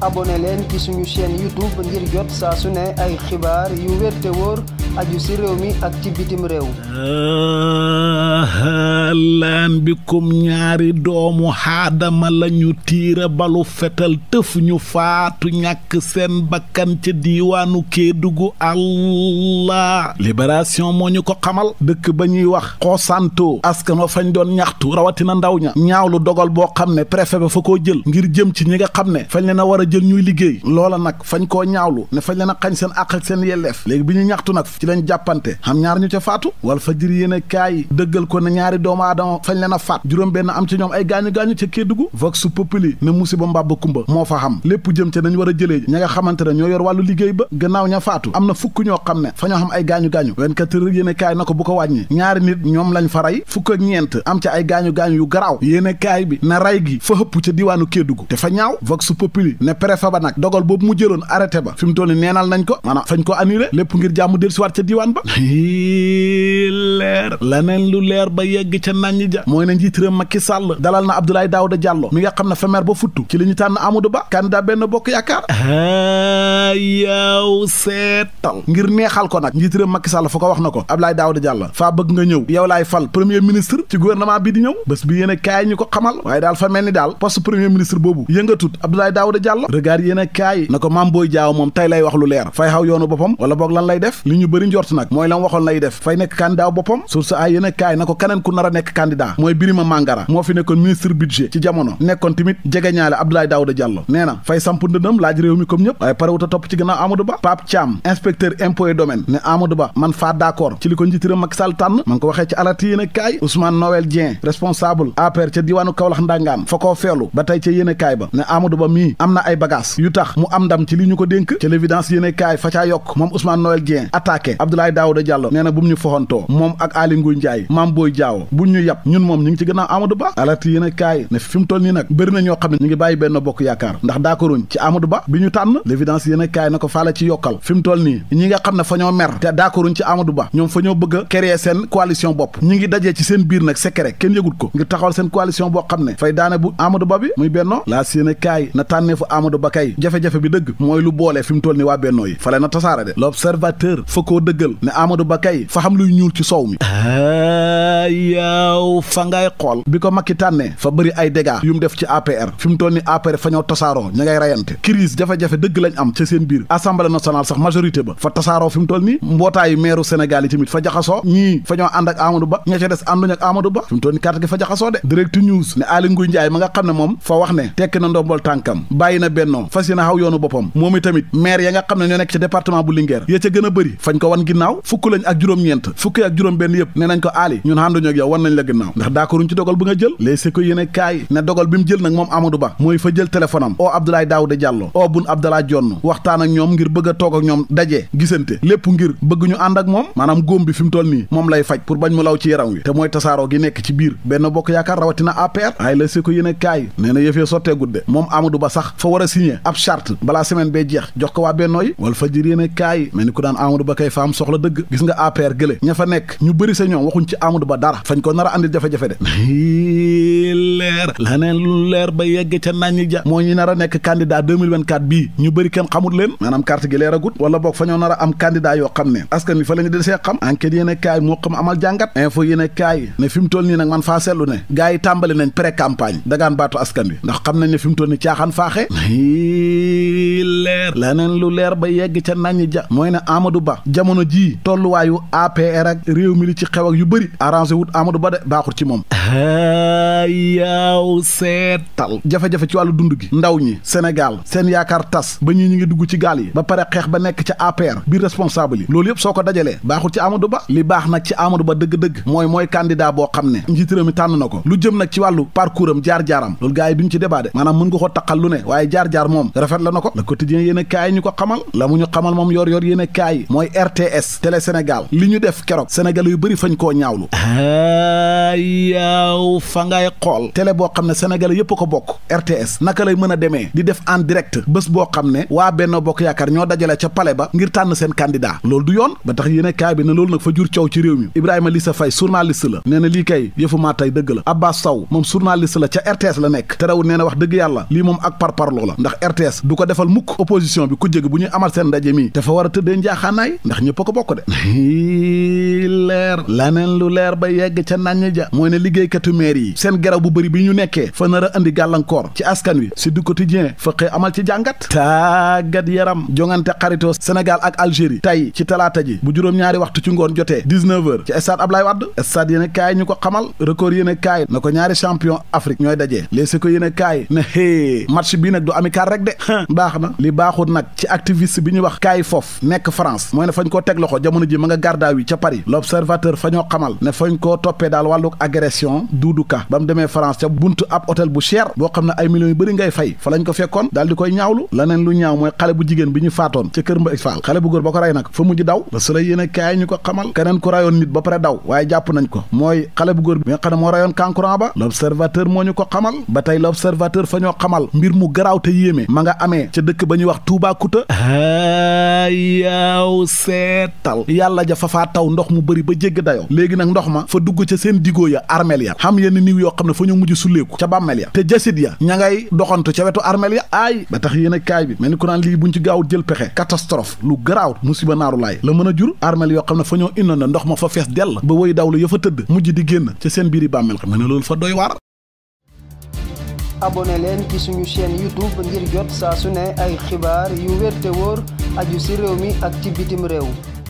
abonné leen ci saa su ne ay xibaar te wóor aju ci réew mi ak ci ñaari doomu xaadama lañu tiira balu fetal tëf ñu faatu ñàkk seen bakkan ca diiwaanu Kédougou allah libération moo ñu ko xamal dëkk ba ñuy wax xosanto askan wa fañ doon ñaxtu rawatina ndaw ña ñaawlu dogal boo xam ne préfet ba fa koo jël ngir jëm ci ñi nga xam ne fañ leen a war a jën ñuy liggéey loola nag fañ koo ñaawlu ne fañ leen a xañ seen àq ak seen yelleef léegi bi ñu ñaxtu nag ci lañ jàppante xam ñaar ñu ca faatu wal fajir yéene kaay dëggal ko na ñaari doomu aadama fañ leen a faat juróom benn am ci ñoom ay gaañu-gaañu ca Kédougou vox populi ne musiba mbàbba kumba moo fa lépp jëm ca nañ war a jëlee ña nga xamante ne ñoo yor wàllu liggéey ba gannaaw ña faatu am na fukk ñoo xam ne fa ñoo xam ay gaañu-gaañu 24 heures yéene kaay na ko bu ko wàññi ñaari nit ñoom lañ fa rey fukk ak ñeent am ca ay gaañu-gaañu yu garaaw yéene kaay bi na rey gi fa hëpp ca diwaanu Kédougou te fa ñaaw vox populi pere préfet ba nag dogal boobu mu jëloon arrêté ba fi mu toll neenal nañ ko maanaam fañ ko annulé lépp ngir jàmm del siwaat ca diiwaan ba leer nen lu leer ba yegg ca nañ ja mooy na njiit réew Macky Sall dalal na Abdoulaye Daouda Diallo mi nga xam na femeer ba futtu ci li ñu tànn Amadou Ba candidat benn bokk yaakaar ah, yow seetal ngir neexal ko nag njiit réew Macky Sall fa ko wax na ko Abdoulaye Daouda Diallo faa bëgg nga ñëw yow laay fal premier ministre ci gouvernement bi di ñëw bés bi yéen ko xamal waaye daal fa mel ni daal poste premier ministre boobu yëngatut Abdoulaye Daouda Diallo solo regard yéen a kaay na ko maam booy moom tey lay wax lu leer fay xaw yoonu boppam wala boog lan lay def li ñu bëri njort nag mooy lan waxoon lay def fay nekk candidat boppam source ay yéen a kaay na ko kaneen ku nar nekk candidat mooy Birima Mangara moo fi nekkoon ministre budget ci jamono nekkoon tamit jegeñaale Abdoulaye Daouda Diallo nee na fay samp ndëndam laaj réew mi comme ñëpp waaye parewut a topp ci gannaaw Amadou Ba Pape Thiam inspecteur impôt et domaine ne Amadou Ba man a kaay Ousmane Noël ba tey ca yéen a kaay ba ne Amadou Ba ay ay bagaas yu tax mu am ndam ci li ñu ko dénk ci l'évidence yéen kaay fa yokk moom Ousmane Noël Dieng attaqué Abdoulaye Daouda Diallo nee na bu ñu foxantoo moom ak Aly Ngouille Ndiaye Mame Boye Diao buñ ñu yàpp ñun moom ñu ngi ci gannaaw Amadou Ba alerte yéen kaay ne fi mu nii nag bëri na ñoo xam ne ñu ngi bàyyi benn bokk yaakaar ndax d'accorduñ ci Amadou Ba bi ñu tànn l'évidence yéen kaay na ko faala ci yokkal fi mu nii ñi nga xam ne fa ñoo mer te d'accorduñ Amadou Ba kay jafe-jafe bi dëgg mooy lu boole fi mu toll ni waa bennoo yi fale na tasaare de l'observateur fa koo dëggal ne Amadou Ba kay fa xam luy ñuul ci soow mi ah, yaaw fa ngay xool bi ko Macky tànnee fa bari ay dégâts yu mu def ci APR fi mu toll ni APR fa ñoo tasaaroo ña ngay rayante crise jafe-jafe dëgg lañ am ci seen biir assemblée nationale sax majorité ba fa tasaaroo fi mu toll ni mbootaayu meeru Sénégal yi tamit fa jaxasoo ñii fa ñoo ànd Ba ña ca des ànduñ ak Ba fi mu toll ni carte de direct news ne Aly Ngouille Ndiaye xam ne moom fa wax ne tekki na ndombol tànkam bennoo fas yéene xaw yoonu boppam moom i tamit maire ya nga xam ne ñoo nekk ca département bu Linguère ya gën a bëri fañ ko wan ginnaaw fukk ak juróom-ñeent fukki ak juróom benn yëpp ne ko aali ñun ànduñu ak wan nañ la ginnaaw ndax d'accorduñ ci dogal bu nga jël léeg si ko kaay ne dogal bi mu jël nag moom Amadou Ba mooy fa jël téléphone oo Abdoulaye Daouda Diallo oo Boun Abdallah Dionne waxtaan ñoom ngir bëgg a toog ak ñoom dajee gisante lépp bi fi mu toll nii moom lay gi la si ko yéene kaay nee na yëfee sotteegudde a a signé ab charte balaa semaine bay jeex jox ko waa bennoo yi wala fajir yéen a kaay mel ni ku daan Amadou Ba kay faam soxla dëgg gis nga APR gële ña fa nekk ñu bëri sa ñoom waxuñ ci Amadou Ba dara fañ ko nar a andil jafe-jafe de leer la neen lu leer ba yegg ca naññi ja moo ñu nar a nekk candidat 2024 bii ñu bëri kenn xamut leen maanaam carte gi leer agut wala boog fa ñoo nar a am candidat yoo xam ne askan wi fa la ñu desee xam enquête yéen a kaay moo xam amal jàngat info yéen toll nii nag man faa seetlu ne gars yi tàmbali nañ pré campagne dagaan baatu askan wi xam nañ fi mu toll nii caaxaan leer laneen lu leer ba yegg ca nañ ja mooy na Amadou Ba jamono jii tolluwaayu APR ak réew mi li ci xew ak yu bëri arrangé wut Amadou Ba de baaxul ci moom yaaw seetal jafe-jafe ci wàllu dund gi ndaw ñi Sénégal seen yaakaar tas ba ñii ñu ngi dugg ci gaal yi ba pare xeex ba nekk ca APR biir responsable yi loolu yëpp soo ko dajalee baaxul ci Amadou Ba li baax nag ci Amadou Ba dëgg-dëgg mooy mooy candidat boo xam ne njiit réew mi tànn na ko lu jëm nag ci wàllu parcours am jaar-jaaram loolu gars yi duñ ci débat de maanaam mën nga ko taqal lu ne waaye jaar-jaar moom rafet la na ko le quotidien yéen a kaay ñu ko xamal la mu ñu xamal moom yor yor yéen a kaay mooy RTS Télé Sénégal li ñu def keroog Sénégal yu bëri fañ koo ñaawlu waaw fa ngay xool télé boo xam ne Sénégal yépp ko bokk RTS naka lay mën a demee di def en direct bés boo xam ne waa Benno Bokk Yaakaar ñoo dajale ca palais ba ngir tànn seen candidat loolu du yoon ba tax yéene kaay bi ne loolu nag fa jur coow ci réew mi Ibrahima Lissa Faye journaliste la nee lii kay yëfu maa dëgg la Abbas Sow moom journaliste la ca RTS la nekk terewul nee na wax dëgg yàlla lii moom ak parparloo la ndax RTS du ko defal mukk a a liggéeykatu maire yi seen geraw bu bëri bi ñu nekkee fa nar a andi gàllankoor ci askan wi si du quotidien fa xëy amal ci jàngat tàggat yaram jongante xaritoo Sénégal ak Algérie tey ci talaata ji bu juróom-ñaari waxtu ci ngoon jotee ci stade Ablaye Wade stade yéen a ñu ko xamal record yéen a na ko ñaari champion Afrique ñooy dajee léeg ko yéen a na hée match bii nag du amical rek de baax na li baaxul nag ci activiste bi ñu wax kaay foof nekk France mooy ne fañ fa moom Doudou Ka ba mu demee France ca buntu ab hôtel bu cher boo xam ne ay millions yu bëri ngay fay fa lañ ko fekkoon daal di koy ñaawlu laneen lu ñaaw mooy xale bu jigéen bi ñu faatoon ca kër Mbaye Fall xale bu góor ba ko rey nag fa mujj daw la solo yéen a ñu ko xamal keneen ku rayoon nit ba pare daw waaye jàpp nañ ko mooy xale bu góor bi nga xam moo rayoon kankuran ba l'observateur moo ñu ko xamal ba tey l'observateur fa ñoo xamal mbir mu garaaw te yéeme ma nga amee ca dëkk ba ñuy wax Toubacouta yaaw seetal yàlla ja fa faa taw ndox mu bëri ba jégg dayoo léegi ya xam yenn niw yoo xam ne fa ñu mujj sulleeku ca bàmmeel ya te jasit ya ña ngay doxantu ca wetu armeel ya aay ba tax yéen kaay bi mel ni ku naan lii buñ ci gaawut jël pexe catastrophe lu garaaw musiba naaru laay la mën a jur armeel yoo xam ne fa ñoo indoon ndox ma fa fees dell ba woy dawlu ya fa tëdd mujj di génn ca seen biiri bàmmeel xam nga ne loolu fa doy waar leen ci suñu chaîne youtube saa su ne ay xibaar yu wér te wóor ak ci réew